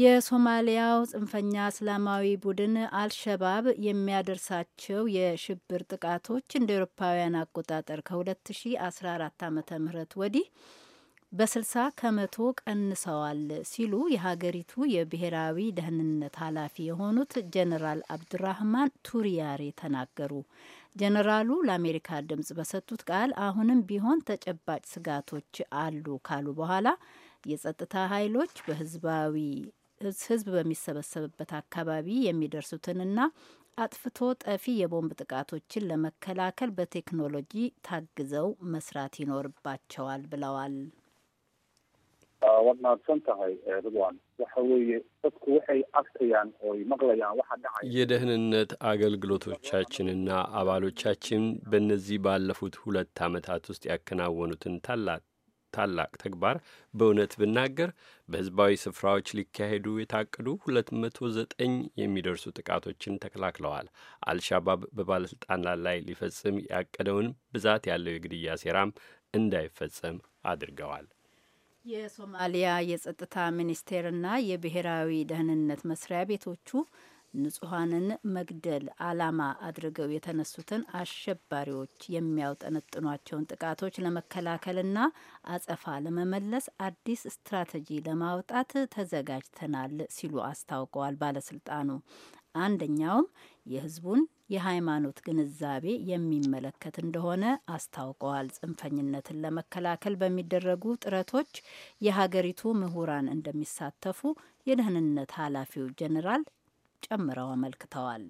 የሶማሊያው ጽንፈኛ እስላማዊ ቡድን አልሸባብ የሚያደርሳቸው የሽብር ጥቃቶች እንደ ኤሮፓውያን አቆጣጠር ከ2014 ዓ ም ወዲህ በ60 ከመቶ ቀንሰዋል ሲሉ የሀገሪቱ የብሔራዊ ደህንነት ኃላፊ የሆኑት ጀነራል አብድራህማን ቱሪያሬ ተናገሩ። ጀነራሉ ለአሜሪካ ድምጽ በሰጡት ቃል አሁንም ቢሆን ተጨባጭ ስጋቶች አሉ ካሉ በኋላ የጸጥታ ኃይሎች በህዝባዊ ህዝብ በሚሰበሰብበት አካባቢ የሚደርሱትንና አጥፍቶ ጠፊ የቦምብ ጥቃቶችን ለመከላከል በቴክኖሎጂ ታግዘው መስራት ይኖርባቸዋል ብለዋል። የደህንነት አገልግሎቶቻችንና አባሎቻችን በእነዚህ ባለፉት ሁለት ዓመታት ውስጥ ያከናወኑትን ታላቅ ታላቅ ተግባር በእውነት ብናገር በህዝባዊ ስፍራዎች ሊካሄዱ የታቀዱ 209 የሚደርሱ ጥቃቶችን ተከላክለዋል። አልሻባብ በባለሥልጣናት ላይ ሊፈጽም ያቀደውን ብዛት ያለው የግድያ ሴራም እንዳይፈጸም አድርገዋል። የሶማሊያ የጸጥታ ሚኒስቴርና የብሔራዊ ደህንነት መስሪያ ቤቶቹ ንጹሐንን መግደል ዓላማ አድርገው የተነሱትን አሸባሪዎች የሚያውጠነጥኗቸውን ጥቃቶች ለመከላከልና አጸፋ ለመመለስ አዲስ ስትራቴጂ ለማውጣት ተዘጋጅተናል ሲሉ አስታውቀዋል። ባለስልጣኑ አንደኛውም የህዝቡን የሃይማኖት ግንዛቤ የሚመለከት እንደሆነ አስታውቀዋል። ጽንፈኝነትን ለመከላከል በሚደረጉ ጥረቶች የሀገሪቱ ምሁራን እንደሚሳተፉ የደህንነት ኃላፊው ጀኔራል ጨምረው አመልክተዋል።